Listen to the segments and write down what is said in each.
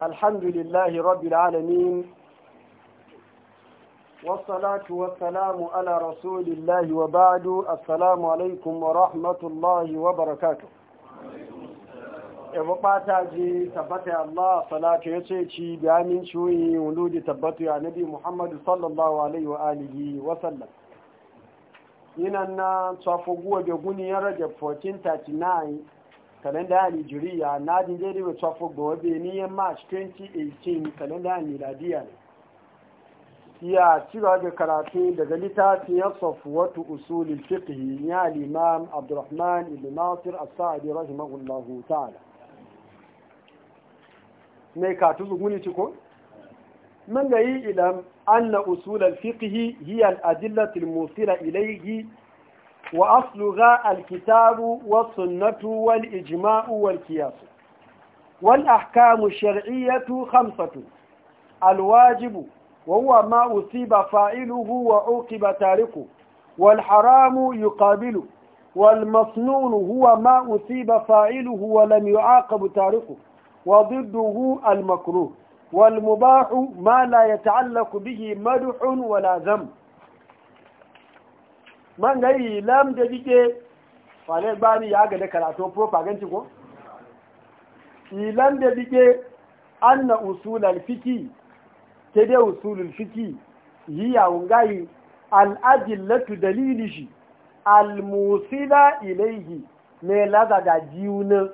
Alhamdu lillah rabbi da alamin. Wa salatu wa salamu ala rasulillah, wa ba'adu as-salaamu alaykum wa rahmatulahyi wa barakaka. je tabbatar Allah salatu ya ce shi bi amince wunin wunin tabbatar Allah; ya na bi muhammadu sallallahu alaihi wa'ai alayhi, wa sallam. Inanna tsofaffi bude gudun yin rage fotin kalenda ya nigeria na dindere mai tsoffo gobe ni march 2018 kalenda ya miladiya ne ya ci da karatu daga littafin ya tsoffo wata usulin fiqhi ya limam abdurrahman ibn nasir as-sa'di rahimahullahu ta'ala ne ka tuzu guni ci من لا يعلم أن أصول الفقه هي الأدلة الموصلة إليه وأصلها الكتاب والسنة والإجماع والكياس والأحكام الشرعية خمسة الواجب وهو ما أصيب فاعله وعوقب تاركه والحرام يقابله والمصنون هو ما أصيب فاعله ولم يعاقب تاركه وضده المكروه والمباح ما لا يتعلق به مدح ولا ذنب man gari lam da dike fale bani ya ga da karatu propaganda ko ilan da dike anna usulal fiqi ke da usulul fiqi hiya ungai al adillatu dalilihi al musila ilayhi ne laza da jiuna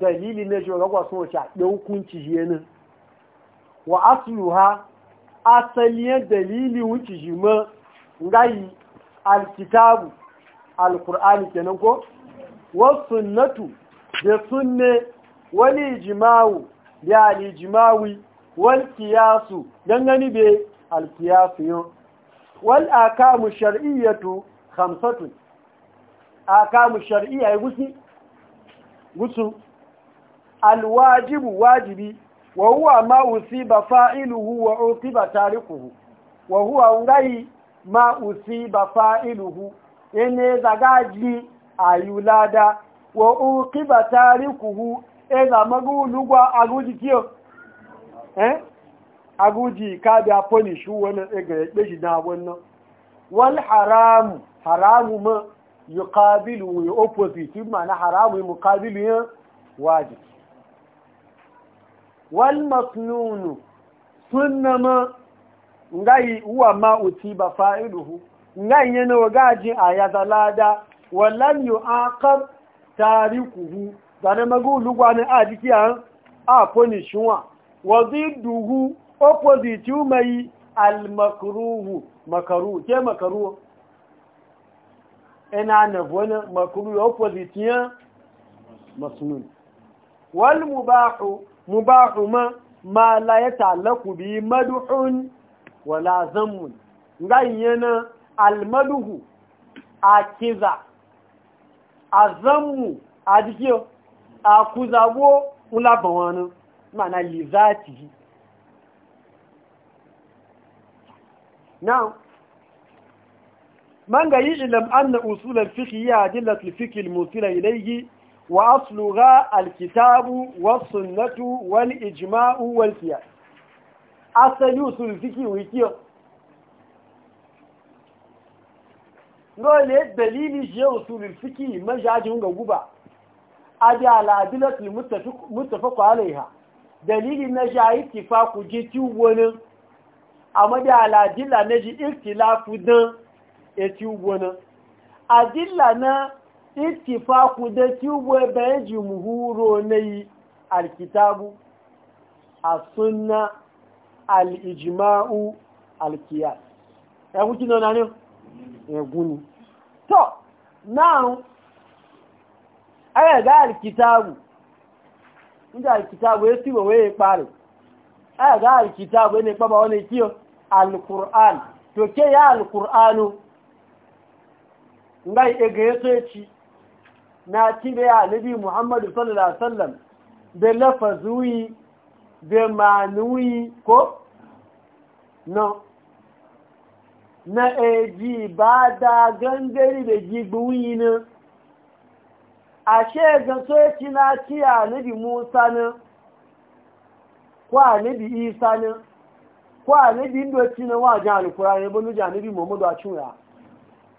dalili ne jo ga so cha da hukunci yana wa asluha asalin dalili wuce jima ngai alkitabu alkur'ani kenan ko wasunnatu da sunne wani jima'u da alijimawi wal kiyasu don gani be alkiyasu yau wal akamu shar'iyyatu khamsatun akamu shar'iyya ya gusi gusu alwajibu wajibi wa huwa ma usiba fa'iluhu wa uqiba tarikuhu wa huwa ngai ma ba fa'iluhu ene zagaji ayulada wa uqiba tarikuhu eza magulugwa aguji kiyo eh aguji ka da punish wannan ega ya wannan wal haram haramu ma yuqabilu ya opposite ma'ana haramu muqabilu ya wajibi wal masnun sunnama ngai huwa ma utiba fa'iluhu ngai yana wagajin ayazalada walam yu'aqab tarikuhu zane magulu gwane a jiki a punishwa waziduhu opposite mai almakruhu makaru ke makaru ina na wani makaru opposite ya masnun wal mubahu mubahu ma ma la yata'allaqu bi madhun wala zammun ganyena almaduhu a kiza a zammu a jikiyo a kuzago ulaban wani mana lizati now man gayi ilam anna usulul fiqh ya dillatul fiqh al-musila ilayhi wa asluha al-kitabu was-sunnatu wal-ijma'u wal-qiyas asali usul fiki wikiyo dole dalili je usul fiki majajin ga guba abi ala adilat muttafaq alaiha dalili na jayi tifaku je ti wani amma da ala adilla na ji ikhtilafu dan e ti wani adilla na ittifaku da ti wani bayan jumhuro nayi alkitabu as-sunnah al'ijima'u alkiyas ya kuki nuna ne ya guni to now ayaga ga alkitabu inda alkitabu ya siwa waye kpari aya ga alkitabu ya ne kpaba wani kiyo alkur'an to ke ya alkur'anu ngai ega ya soci na tibe ya nabi muhammadu sallallahu alaihi wasallam da lafazuyi bẹ máa ko na na èjì bá gangari da na a ṣẹ́gan tó yẹ na kí a musa na kó a isa na kó a níbi indoci na wà jẹ́ alùkúra rẹ̀ bọ́n lójá muhammadu a cúnra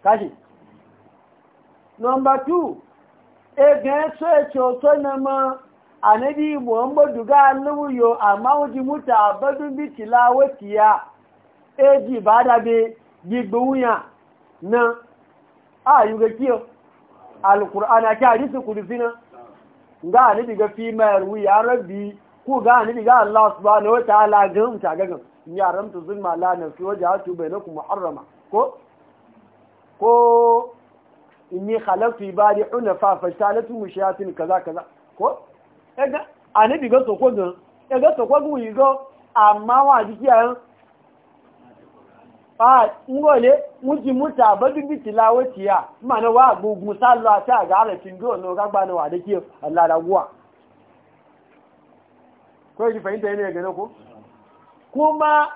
kashi number two na máa anabi muhammadu ga annabu yo amma wuji muta abadu bi tilawati ya eji bada be gbigbunya na a yi ga kiyo alkur'ana ki hadisu kudzina ga anabi ga fi mayar wuya rabbi ku ga anabi ga allah subhanahu wa ta'ala ga muta ga ya ramtu zulma la na fi wajhatu bainakum muharrama ko ko inni khalaqtu ibadi hunafa fa salatu mushayatin kaza kaza ko àníbì gan sọ̀kọ́ gan ẹgbẹ́ sọ̀kọ́ gùn yìí gan àmà àti kí àrùn ngole muji muta abadu biti lawo tiya mana wa gugu sallo ati aga re tingo no gagba no ade ki Allah da guwa ko ji fahimta ne ga ko kuma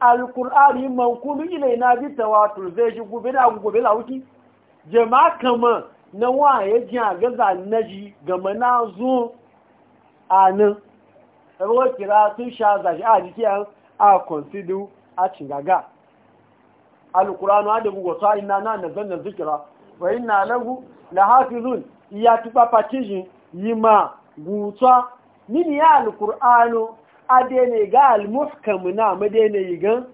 alkur'ani mankulu ilaina bi ji gobe da kama na waye jin agaza naji na anan saboda kira sun sha zashi a jikiyan a consider a cingaga alkur'anu a daga wata ina na zan da zikira wa ina lagu la hafizun iya tuba yi ma guta Ni ya alkur'anu a dene ga almuhkamu na madene yi gan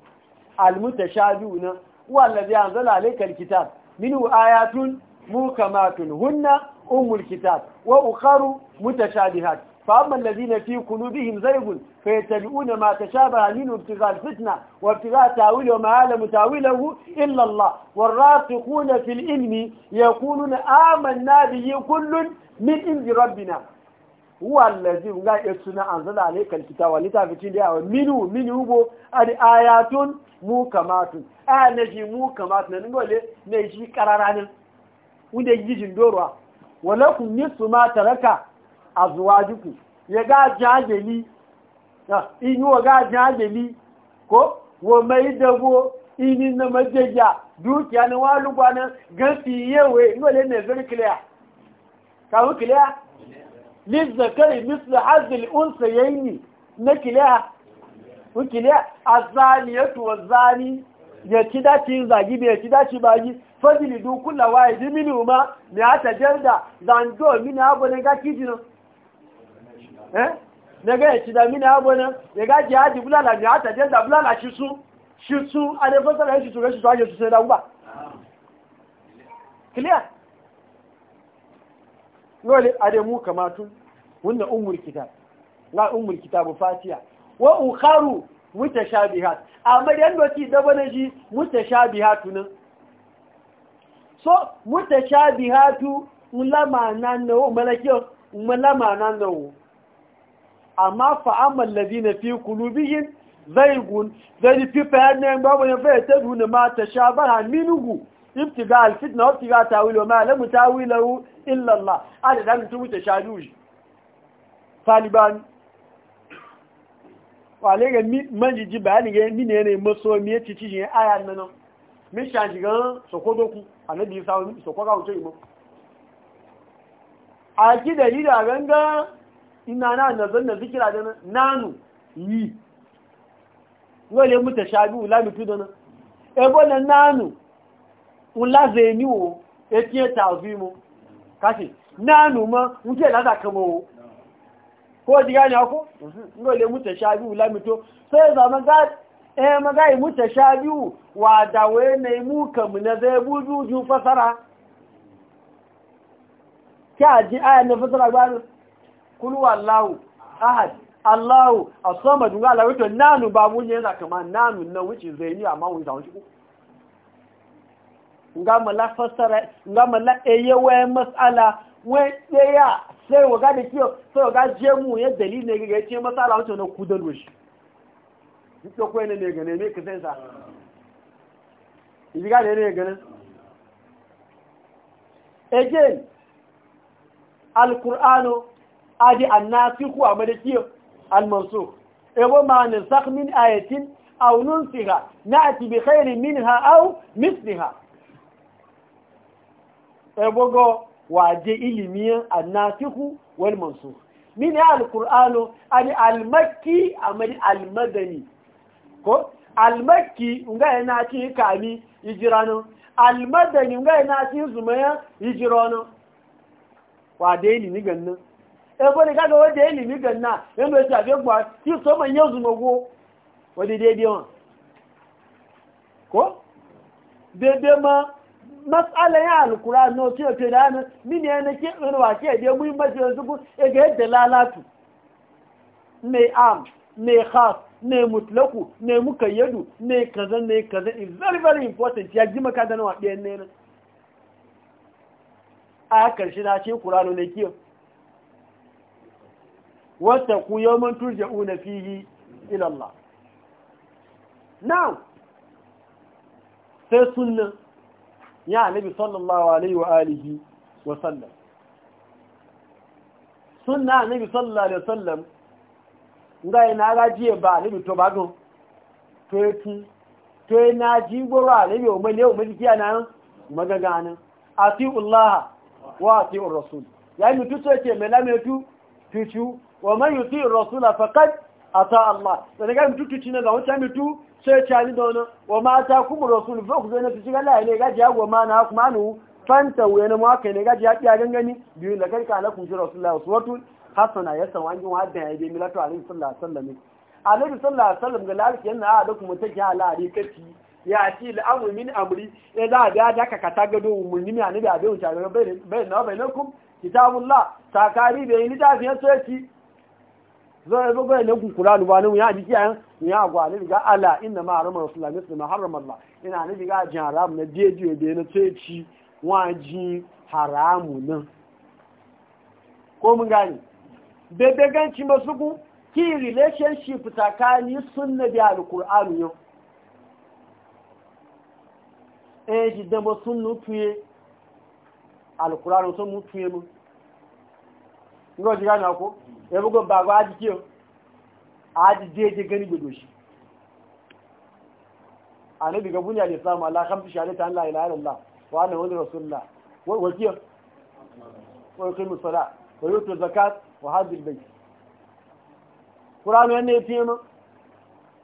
almutashabiu na wallazi anzala alaykal kitab minhu ayatun muhkamatun hunna umul kitab wa ukharu mutashabihat فأما الذين في قلوبهم زيغ فيتبعون ما تشابه منه ابتغاء الفتنة وابتغاء تاويله وما عالم تاويله إلا الله والراسخون في العلم يقولون آمنا به كل من عند ربنا هو الذي لا يسنى أنزل عليك الكتاب ولتافتين لها منه منه هو الآيات موكمات آنجي موكمات نقول نجي قرارنا ودي يجي ندورها ولكم نصف ما تركه azuwajuku ya ga jajeli wa ga jajeli ko wa mai dago ini na majeja dukiya na walugwa na gafi yawe inwale ne zari kiliya kawo kiliya lizzakari misli hazil unsa yayi na kiliya kun kiliya azaniyatu wazani ya ci dace zagi bai ci dace bagi fadili dukula waye diminu ma me ata jarda do mini abu ne ga kijin daga ya ci da mini abuwa ya gaji ya ji bulala ne hata jenda bulala shi su shi su a da fasa da shi su rashi su hajji su sai da ba clear yole ademu da mu kamatun wannan umar kitab na umar kitabu fatiya wa ukharu mutashabihat amma da yanda ki daba na shi mutashabihatu nan so mutashabihatu ulama nan nawo malakiyo ulama nan nawo amma fa'amman lazina fi kulubihin zaigun zai yi fi fayannan babu ya fayyar ta duna ma ta sha Ba bara minugu ibtiga alfitna wabtiga tawilo ma alamu tawilahu illallah a da damin tun wuce sha juji taliban wale ga manjiji bayani ga mini yanayin maso miye cici shi aya nanan min sha shigan sokodoku a na biyu sa'o'i sokoka wuce imo a ki dalila gangan ina na nazar na zikira da nanu yi wale muta shabi ula mutu da nan ebo na nanu ula zeni o etiye tazi mo kashi nanu ma da za kama o ko ji gani ako wale muta shabi ula mitu sai zama ga eh yi muta shabi wa dawe ne mu kamu na zai buju fasara kya ji aya na fasara gbanin kulu Allahu ahad Allahu as-samad ga Allah wato nanu ba mun yana kama nanu na wuce zaini amma mun zawo ciku nga mala fasara nga mala eyewe mas'ala we daya sai waga da kiyo sai waga je mu ya dalili ne ga ce mas'ala wato na kudalo shi duk ko koyene ne ga ne me ka sai sa ibi ga ne ne ga ne again al-qur'anu adi annasikhu amadaki almansukh ebo ma nansakh min ayatin aw nunsiha na'ti bi khairin minha aw misliha ebo go waje ilimiyan annasikhu wal mansukh min alqur'anu ani almakki amadi almadani ko almakki nga yana ci kami hijiranu almadani nga yana ci zumaya hijiranu wa dai ni gannan ebe ne kaga wanda ya limi ganna ya mai tafiye kwa shi so man yanzu mago wadda wa ko? daidai ma matsalan ya alkura no ce ce da hannun mini ya na ke tsirwa ke da muhimmanci yanzu ku am mai mutlaku ne mukayyadu ne kaza ne kaza very very important a karshe na ce kurano ne kiyo wata ku yawon una fihi ilallah now sai sunna ya nabi sallallahu alaihi wa alihi wa sallam sunna nabi sallallahu alaihi wa sallam nga ina gajiye ba nabi to bago to ya to ji jigoro a nabi mai ne mai kiya na magaganin ati'ullaha wa ati'ur rasul ya yi mutu sai ke mai lamaitu fichu wa man yuti rasula faqad ata Allah da ga mutu tuci ga wata mutu sai ta ni da wannan wa ma ta kuma rasul fa ku zai na tuci Allah ne ga ji agwa na kuma Manu fanta wa ne ma kai ne ga ji ya gangani biyu la kai kana kun ji rasulullahi uswatu hasana ya san wani wadda ya bi milatu alaihi sallallahu alaihi wasallam alaihi sallallahu alaihi wasallam ga lafi yana a ah, da kuma take ala arikati ya ci al'amru min amri ya za a biya da ka kata gado umurni mai annabi da bai wuce bai zai zo ga lagun kuranu ba nan ya jiki an ya gwa ne ga ala inna ma harama rasulullah muslima harama allah ina ne ga jin haram na jeje be na ceci waji haramu nan ko mun gani bebe ganci masuku ki relationship tsakani sunna e, da alqur'ani yau eh shi dan ba sunnu tuye alqur'ani sun mutuye mu ngo jiga na ko ya bugu ba ba aji kiyo aji jeje gani gudu shi a nabi ga buniya da islamu Allah kamfi shahada ta Allah ilaha allah wa anna wani rasulullah wa wakiyo wa kai musala. wa yutu zakat wa bai albayt qur'anu yanne yafi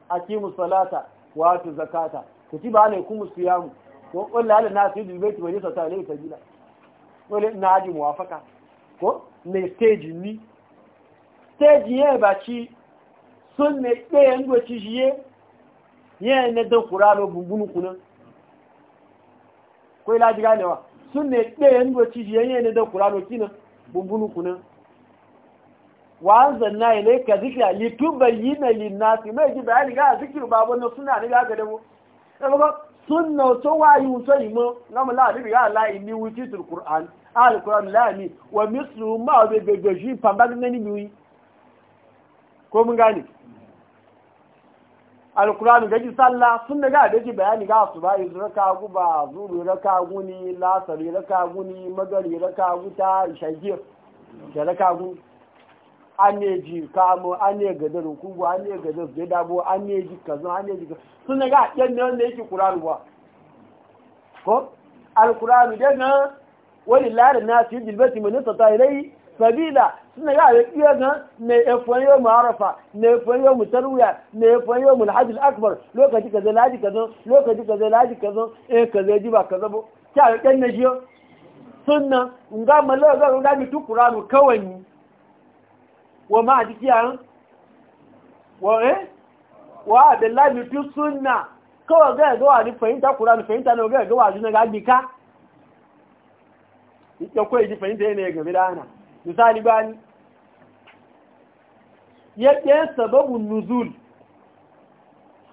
a ki musalata wa atu zakata kutiba alaykum siyamu wa qul lana ko wani bayt wa yusata alayka bila wala naji muwafaqa ko ne stage ni stage yin baci sun ne ɗayan gwaci e shiye yin na don kurano bumbunu kunan ko ila ji ganewa sun ne ɗayan gwaci shiye yin na don kurano kinan bumbunu kunan wa an zanna ile ka zikira litubayyina linnasi mai ji bayani ga zikir babu na suna ni ga gada mu sun na to wayu yi imo ngam la ni ga la ni wuti tul qur'an al qur'an la ni wa mislu ma be be ji pamba ni ni ko mun gane alkurani gaji sallah sun daga da ji bayani ga su ba yanzu raka guba zuru raka guni lasari raka guni magari raka guta shagir da raka guni an ne ji kamo an ne gadar hukubu an ne gadar zai dabo an ne ji kazan an ne ji kazan sun ga yan ne wanda yake kurani ba ko alkurani na wani larin na su yi mai nisa ta ilai sabila suna ya da iya ga ne efon yau mu arafa ne efon yau mu tarwiya efon yau mu alhaji akbar lokaci kaza laji kaza lokaci kaza laji kaza eh kaza ji ba kaza bo ta ga kan ne jiyo sunna nga mala ga ga mi tu qur'anu kawani wa ma dikiyan eh? wa eh wa billahi mi tu sunna kawai ga ga wa ni fahimta qur'anu fahimta ne ga ga wa ni ga bi ka ita ko ji fahimta ne ga bidana misali ya yake sababin nuzul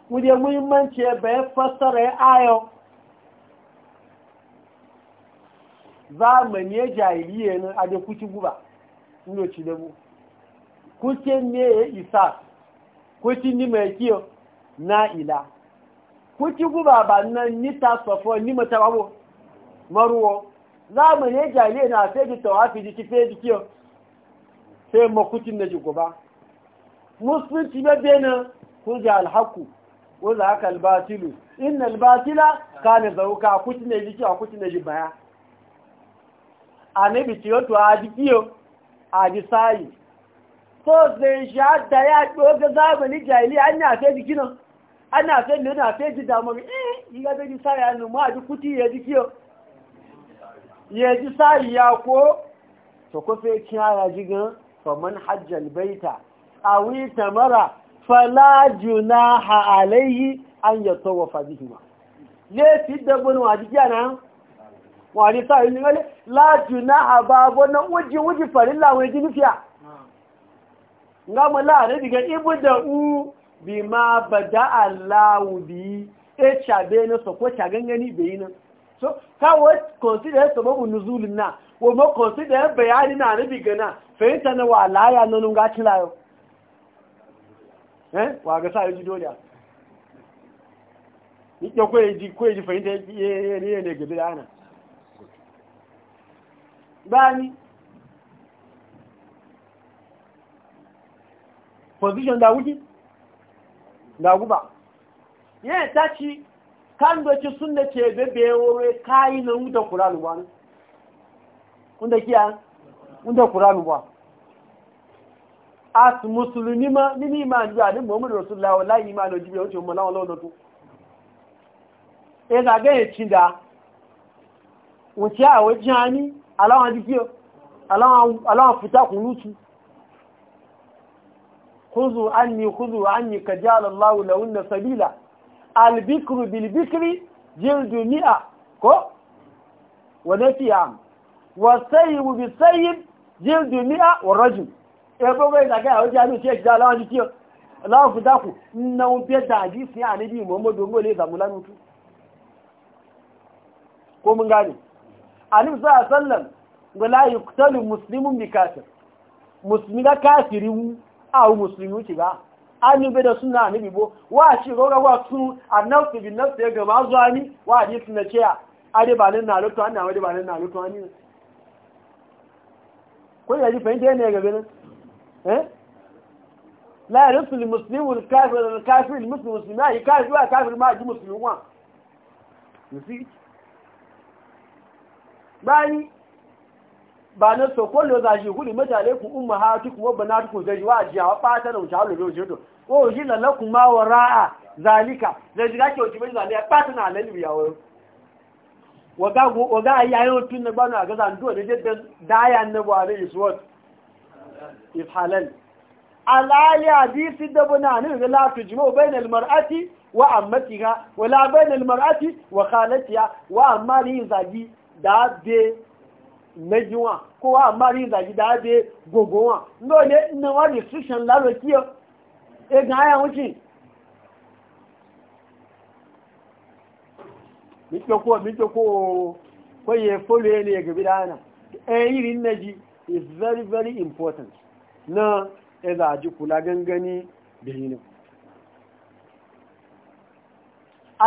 wuje muhimmanci bayan fassara ya ayo zamani ya jahiliya nan a yi kuci guba ci dabu mu kucin ne ya isa kucin ni mai kiyo na ila kuci guba ba nan ni ta safo ni mata babu maruwa zamanin jahiliya na sai ji tawafi jiki sai jiki sai makucin da jigo ba musulunci na bena kuja alhaku wanda haka albatilu in albatila ka ne zauka a kucin da jiki a kucin da jibaya a ne bi ciyo to a jikiyo a ji sayi so zai shi hada ya ɗoga zamanin jahiliya an ya sai jiki nan an ya sai lona sai ji damar eh yi ga zai ji sayi a numu a ji kuti ya jikiyo ya ji sa'i ya ko ta kufe kiyaya jigan faman hajjal baita a wita mara falajuna ha'alayi an yi tawafa jihima ne fi dabbin wajen wani sa yi ne wale lajuna a babu na wuji-wuji farilla wai jinifiya gama la'ari diga ibu da u bi ma bada allawu bi e cabe na sokwa cagangani bayi nan so kawo consider sababu nuzulin na wa ma consider bayani na nabi gana fahimta na wa laya na nunga cilayo eh wa ga sa yaji dole ni ke ko yaji ko yaji fahimta ye ne ne gabe ana bani position da wuki da guba yeah tachi kan doci sun da ce bebe wuri kayi na wuda kuranu ba ne? wunda kiya? wunda kuranu ba as musulmi ma nini ma ji a nin muhammadu rasulullah wallahi ma lo jibe wuce mala wala wadatu e zaga ya ci da wuce a wajen hani alawan jikiyo alawan fita kunutu kuzu anni kuzu anni kajalallahu lawunna sabila albikru bilbikri jildu mi'a ko wa nafiyam wa sayyibu bisayyib jildu mi'a wa rajul e bogo ida ga o jami ti ejda lawan ji ti lawan fu daku na un pe da ji si anabi muhammadu ngo le da mulanu tu ko mun gane alim sa sallam ngo la yuqtalu muslimun bi kafir muslimi ga kafirin a musulmi ci ba annabi da suna annabi bo wa shi roga wa su annabtu bin nafsi ya gama zuwa ni wa ji suna cewa ade ba nan na lutu an na wade ba nan na lutu an ko ya ji fahimta ne ga ganin eh la yarsul muslimu al-kafir al-kafir al-muslim muslima yi kafir wa kafir ma ji muslimu wa Ba bani ba na so ko lo zaji huli mutane ku umma ha kuma wa bana tuku zai wa ji ha fata da wuta lo je to o shi la lakum wa ra'a zalika zai ji gake wuce bai zalika fata na lalu ya wayo waga go waga yayin tun na bana ga zan do da jidda daya na wale is what is halal alali hadisi da bana ne ga la tujmu bainal mar'ati wa ammatiha wala bainal mar'ati wa khalatiha wa amma li zagi da de méjì wọn kó wá àmárí ìdàjídá dé gbogbo wọn lóòlé ní wọ́n restriction láró kí o egan ayé wọn jìn mítókó mítókó kóyè fólú ẹni ẹgbẹ̀bí dáná ẹ̀yìn rí nẹ́jì is very very important na ẹ̀dà e àjíkùlá gangani bẹ̀yìn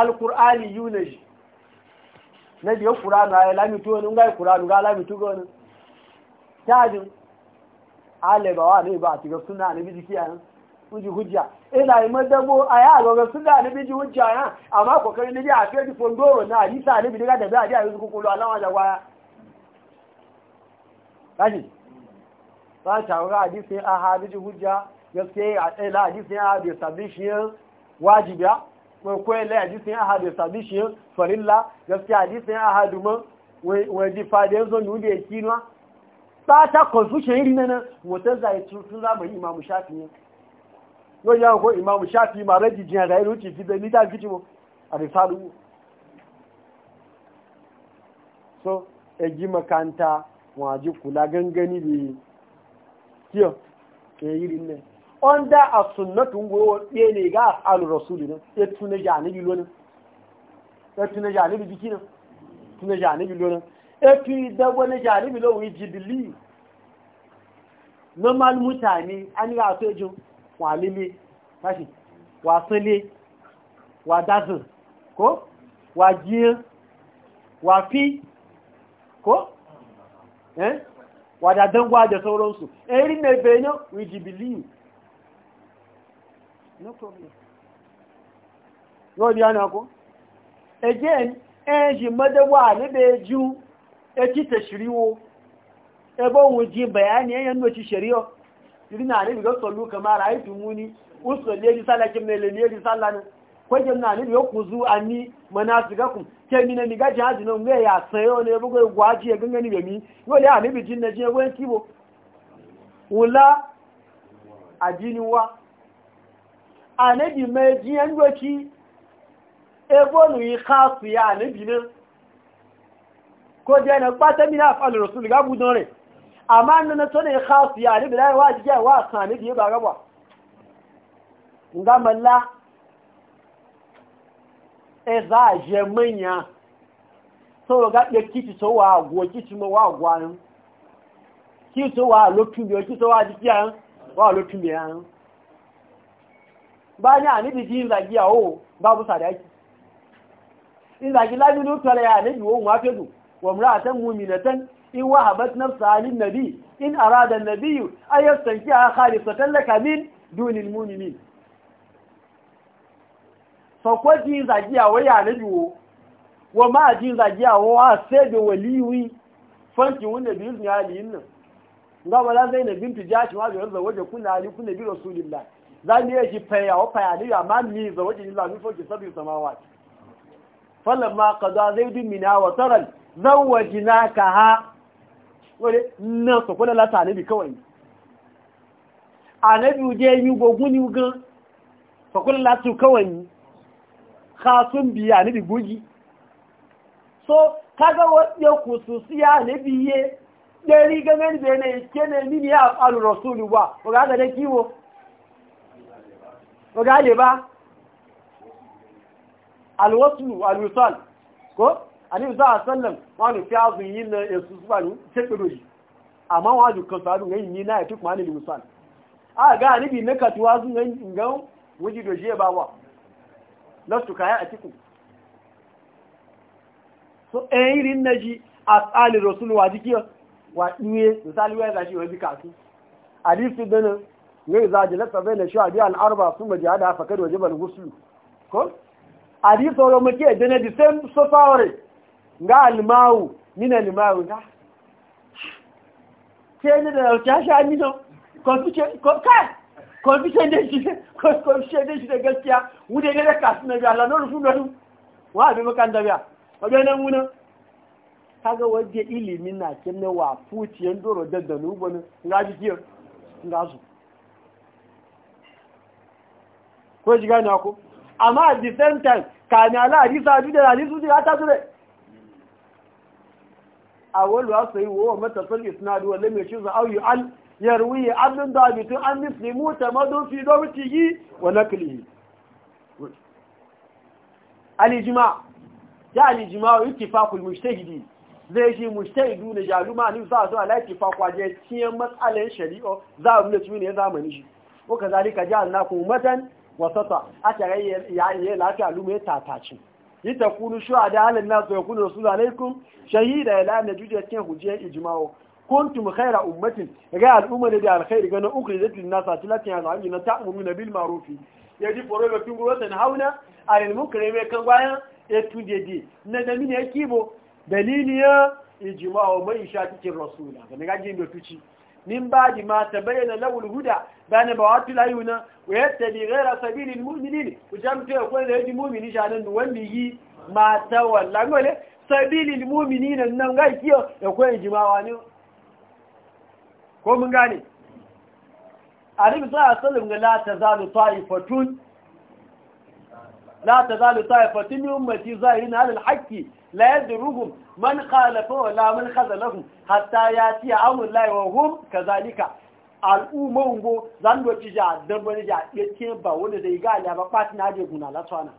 alkur'ani yúnẹ̀jì na biyo kuranu a lamitu wani ngai kuranu ga lamitu ga wani tajin alibawa ne ba a tiga suna na biji kiyayen uji hujja ina e yi madabo a ya agogar suna na biji hujja ya amma kokarin da ji a fiye fondoro na sa na biji ga da biya a yanzu kukulu alama da gwaya kashi ba ta wuri hadisi a hadisi hujja gaske a tsaye la hadisi ya bai sabbin shi wajibiya kwaya lai hadisin ahadu sabi shi yin farilla gaskiya hadisin ahadu man waje fadiyar zo nuna ya kinuwa ta ta confusion iri nan wata zai tun zamani imamu shafi ne yau yawon ko shafi ma da so e kula gangani yi under a sunnatun goyo ɗaya ne ga afalu rasuli nan ya tuna janibi lonin ya tuna janibi jiki nan tuna janibi lonin ya e fi dagwa na janibi lonin yi jibili normal mutane an yi aso ejin walile tashi wasile wadazin ko wa fi ko eh wadadan gwa da sauransu erin na benin we jibili no problem yóò di ọ̀nà kú again ẹ̀yìn jì mọ́dẹ́wà níbẹ̀ jú etí tẹ̀ṣìríwó ẹbọ́ òun jí bẹ̀yàní ẹ̀yẹn ní oṣù na ìrìnà àríbì ló sọ̀lú kàmára àìtù mú ní ó sọ lérí sálà m na lérí sálà ní a ní mọ́nà àtìgákùn kẹ́mi ní gájì ya náà mú ẹ̀yà àtẹ́yọ́ anabi mai jiyan doki egonu yi kasu ya anabi nan ko je na pata mi na falu rasul ga don re amma nan na to ne kasu ya anabi lai wa jiya wa san anabi ba gaba nga malla e za je manya so ga ya kiti so wa go kiti mo wa gwanin kiti so wa lo tun yo kiti so wa jiya wa lo tun bi an ba ni anibi ji zagi yawo babu sadaki in zagi Lami nutar ya anibi wo ma fedu wa mra'atan tan in wahabat na lin nabi in arada an-nabi ay yastankiha khalisatan laka min dunin mu'minin fa ko ji zagi wai ya anibi wo wa ma ji zagi yawo wa sai da waliwi fanki wanda biyu ne halin nan ga wala zainab bintu jashi wa ga zawaje kunna ali kunna bi rasulillah za ni ya ji faya wa faya ni ya mami za wajen yi lamin soke wa samawa falon ma ka za zai bin mina wa tsaron zan waje na ka ha wani na su kuna lata anabi kawai anabi uje yi goguni gan su kuna latu kawai ka sun biya anabi gogi so ka kaga wadda kususiya anabi ye ɗari gamen da yanayi kenan mini ya ba ba ga ga da kiwo gane ba alwasu alwisal ko ani za a sallam wani fi azu yi na yasu su bani tekiro shi amma wani kan su adun yi na ya fi kuma ni alwisal a ga ni bi na katuwa sun yi wuji da ba kaya a cikin eh, irin na ji a wa a ne za ji lasa bai na shi a al'arba sun maji hada haka kada waje bal guslu ko a di sauran muke a jana di same so fawar ga almawu min almawu ta ke ne da rauta shi a nino confusion da shi confusion da shi da gaskiya wude ne da kasu na biya lanar su na wa abin makan da biya wajen nan wunan kaga wajen ilimin na kenan wa fuciyan doro daddanu gwanin ga jikiyar ga su ko ji gani ko amma at the same time ka ni ala hadisa bi da hadisu ji ta tare awwalu asai wa matasal isnad wa lam yashuz aw al yarwi abdun dabitu an muslimu tamadun fi dawtihi wa naklihi al-ijma' ya al-ijma' ittifaq al mujtahidi zai shi mujtahidu ne jaluma ne za su ala ittifaq je cikin matsalan shari'a za mu ne ne zamani shi ko kazalika ja'alnakum ummatan wasata aka yayi lafiya lume yi ta kunu a da halin nasu ya kunu rasulullah alaikum shahida ya la'ana jujiyar cikin hujiyar ijma'u kuntum khaira ummatin ga al'umma da alkhairi ga na ukhrijat lin nas atlatin ya zamani na ta'muruna bil ma'ruf ya ji foro ga tungu wata hauna alil munkari mai kan bayan ya tuje di na da mini ya kibo daliliya ijma'u mai sha cikin rasulullah ga ga jin da tuci min ba'di ma tabayyana lahu al-huda bana bawati layuna wa yattabi ghayra sabili al-mu'minin ujamte ko da yaji mu'mini shanan wanda yi ma tawalla ngole sabili al-mu'minin nan ga kiyo da ko jimawa ne ko mun gane Alim sa sallam ga la tazalu ta'ifatun لا تزال طائفة من أمتي ظاهرين على الحق لا يدرهم من خالفه ولا من خذلهم حتى يأتي أمر الله وهم كذلك al'umman go zan doci ja dambani ja ya ba wani da ga ala ba kwati na je guna la tsana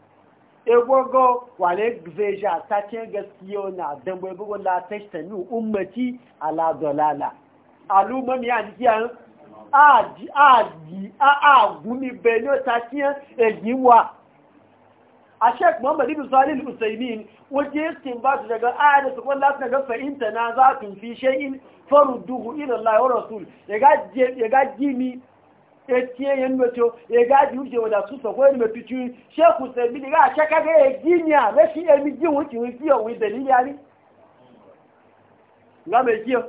egogo wale zai ja ta ce gaskiyo na dambani bugu la ni ummati ala dalala mi an ji an a ji a ji a a gumi belo ta ce egin wa a sheik muhammad ibn salil usaimin wajen yaskin ba su daga ayar su kwallo su daga fahimta na za su fi shayin faru duhu ila Allah wa rasul ya ga jimi etiye yan mato ya ga ji wuce wada su sa koyar mafi ciwi sheik usaimin ga shaka ga ya giniya rashin yami jin wuce wuce yau wai dalili yari nga mai kiyo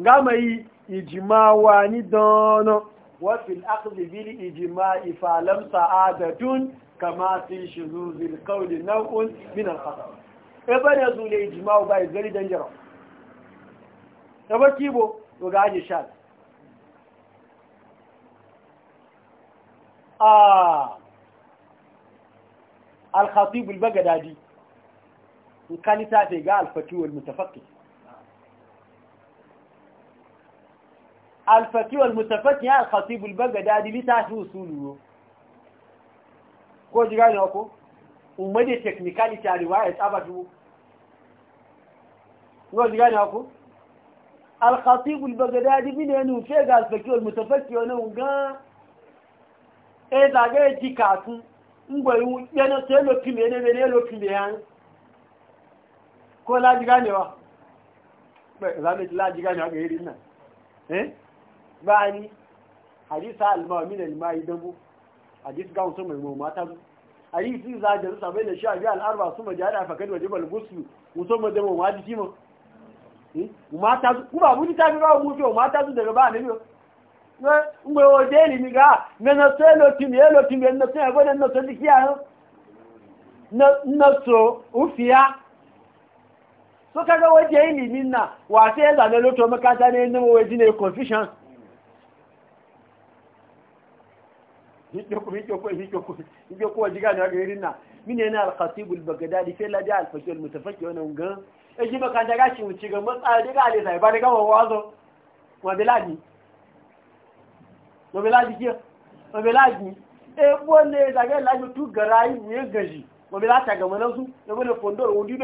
nga mai ijimawa ni dono wafin akhdhi bil ijima falam sa'adatun kama fi shuzuzil qawli naw'un min al-khata ba ne zule ijma'u bai very dangerous eba kibo to ga ji shat ah al-khatib al-baghdadi kalita ta ga al-fatih wal-mutafaqqih al-fatih wal-mutafaqqih al-khatib al-baghdadi litafi usuluhu ko ji gane ko umma technicality a riwaya tsaba dubu ko ji gane ko al-khatib al-baghdadi bin fe ga al-fakir al-mutafakki e da e ji kafin ngbo yana te kime ne ne lo kime yan ko la ji gane wa ba la ji gane wa ga irin nan eh ba hadisa al-mu'min al-ma'idabu a ga gawon mai mata a yi sun za da rusa bai da sha biya al'arba su ma jari a fakar waje balgusu ma mace ma jiki ma hmm? mata su kuma abu ta fi ba mutu wa mata su daga ba ne biyo ngbe o deli mi ga na na so elo tim elo tim na so ego na so dikia na na so ufiya so kaga waje ilimi na wa sai da e na loto makata ne na waje ne confusion hijoku hijoku hijoku hijoku wajiga ne ga irin na mine ne al-khatib al-baghdadi sai ladi al-fakir mutafakki wannan e ga e ji baka daga shi mu ci ga matsa daga ale sai ba daga wazo wa biladi wa biladi ki wa biladi e bone daga laji tu garai ne gaji wa bilata e e ga manasu e bone fondor wudi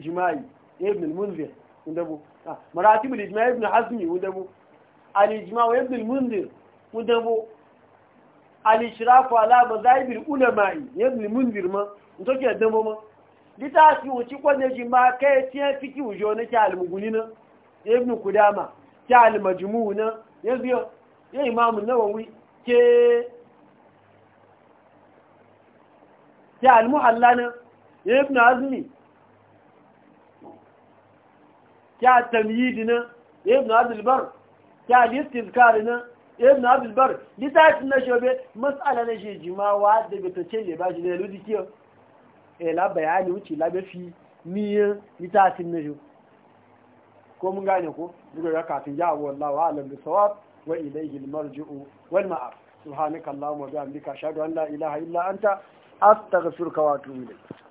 ibn al ودبو مراتب الإجماع ابن حزم ودبو الإجماع وابن المنذر ودبو الإشراف على مذاهب العلماء ابن المنذر ما نتوكي الدمو ما لتاسي وشيكو نجمع كي تيفكي وجونا كالمغنين ابن قدامة كالمجمونا يزيو يا إمام النووي كي كالمحلانا ابن عزمي kya tamyidi na ibn abdul bar kya listizkar na ibn abdul bar litafin na shobe mas'ala na shi jimawa da bitacce ne ba shi da ludi kiyo eh la bayani wuce la bafi niyan litafin na shi. ko mun gane ko duka ga kafin ya wallahi wa alam bisawab wa ilayhi almarji'u wal ma'ab subhanakallahumma wa bihamdika ashhadu an la ilaha illa anta astaghfiruka wa atubu ilayk